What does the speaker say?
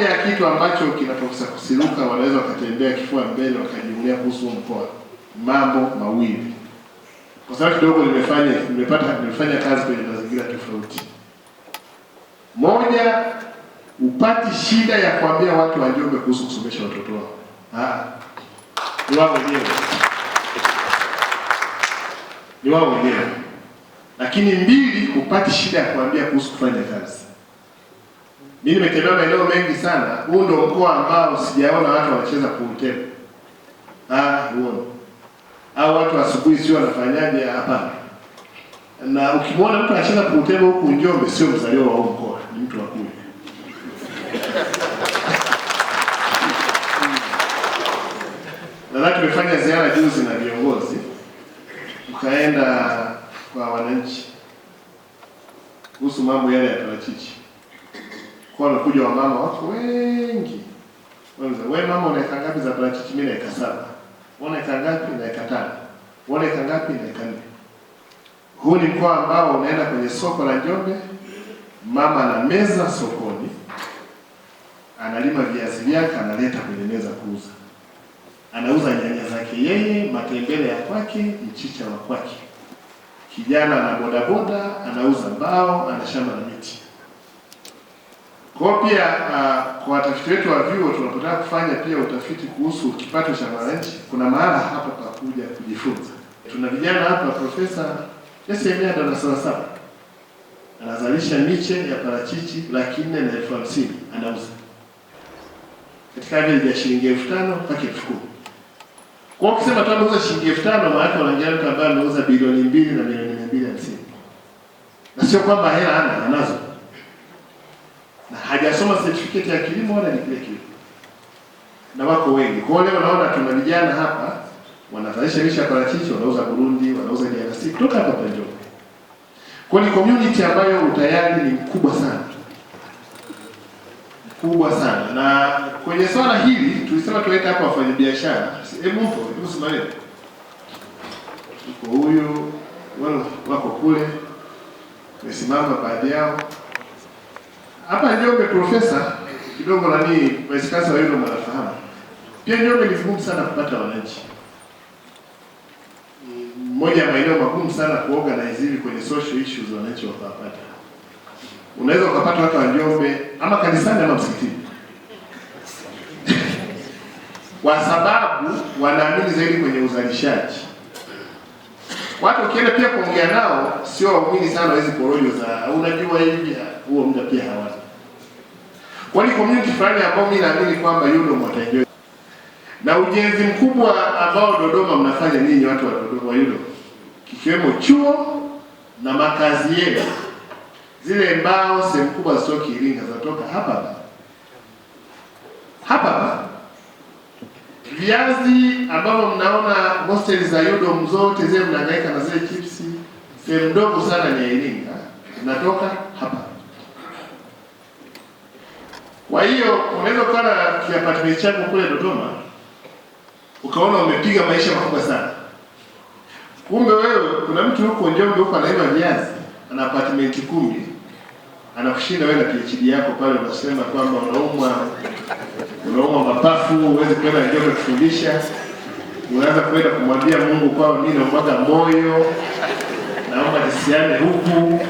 moja ya kitu ambacho kinaposa kusiruka wanaweza wakatembea kifua mbele wakajivunia kuhusu mkoa, mambo mawili, kwa sababu kidogo nimefanya nimepata nimefanya kazi kwenye mazingira tofauti. Moja, upati shida ya kuambia watu wa Njombe kuhusu kusomesha watoto wao, ah, ni wao wenyewe, ni wao wenyewe. Lakini mbili, upati shida ya kuambia kuhusu kufanya kazi mimi nimetembea maeneo mengi sana, huu ndio mkoa ambao sijaona watu wanacheza kuutema. Ah, huo. au watu asubuhi sio wanafanyaje? Hapana. Na ukimwona mtu anacheza table huku Njombe, sio mzaliwa wa mkoa, ni mtu wa kule Nadhani tumefanya ziara juzi na viongozi, ukaenda kwa wananchi kuhusu mambo yale ya parachichi. Kwa wanakuja mama wako wengi. Wanza, wewe mama unaeka ngapi za parachichi? Mimi naeka saba. Unaeka ngapi? Naeka tano. Unaeka ngapi? Naeka nne. Huu ni mkoa ambao unaenda kwenye soko la Njombe, mama na meza sokoni, analima viazi vyake, analeta kwenye meza kuuza, anauza nyanya zake yeye, matembele ya kwake, mchicha wa kwake, kijana ana bodaboda, anauza mbao, ana shamba la miti kwa pia uh, kwa watafiti wetu wa vyuo tunapotaka kufanya pia utafiti kuhusu kipato cha wananchi, kuna mahala hapa pa kuja kujifunza. Tuna vijana hapa, Profesa Yesemia Danasawasawa anazalisha miche ya parachichi laki nne na elfu hamsini anauza katika bei ya shilingi elfu tano mpaka elfu kumi kwa kusema tu anauza shilingi elfu tano maanake wanaingia mtu ambaye anauza bilioni mbili na milioni mia mbili hamsini na sio kwamba hela ana anazo hajasoma certificate ya kilimo wala ni ya kilimo, na wako wengi. Kwa leo naona tuna vijana hapa wanazalisha lisha parachichi, wanauza Burundi, wanauza DRC kutoka hapa Tanzania. Kwa ni community ambayo utayari ni mkubwa sana kubwa sana na kwenye swala hili tulisema tuweka hapa wafanyabiashara. Hebu huko hebu simame, uko huyu wala wako kule, mesimama baadhi yao hapa Njombe profesa kidogo nani vice wewe yule mwanafahamu. Pia Njombe ni vigumu sana kupata wananchi. Mmoja maeneo magumu sana kuoga na hizi kwenye social issues wananchi wakawapata. Unaweza ukapata watu wa Njombe ama kanisani ama msikitini. Kwa sababu wanaamini zaidi kwenye uzalishaji. Watu ukienda pia kuongea nao sio waumini sana hizi porojo za unajua hivi huo muda pia hawana kwani community fulani ambao mimi naamini kwamba UDOM wataenjoy na ujenzi mkubwa ambao Dodoma mnafanya ninyi watu wa Dodoma UDOM, kikiwemo chuo na makazi yenu. Zile mbao sehemu kubwa sio Iringa, zatoka hapa hapa. Viazi ambavyo mnaona hosteli za UDOM zote zile mnahangaika na zile chipsi, sehemu ndogo sana ni Iringa, zinatoka Kwa hiyo unaweza ukawa na chako kule Dodoma ukaona umepiga maisha makubwa sana, kumbe wewe kuna mtu huko Njombe huko anaiva viazi ana apartment kumi anakushinda wewe na PhD yako pale, unasema kwamba unaumwa unaumwa mapafu uweze kwenda Njombe kufundisha, unaanza kwenda kumwambia Mungu kwao, mimi naumwaga moyo, naomba nisiane huku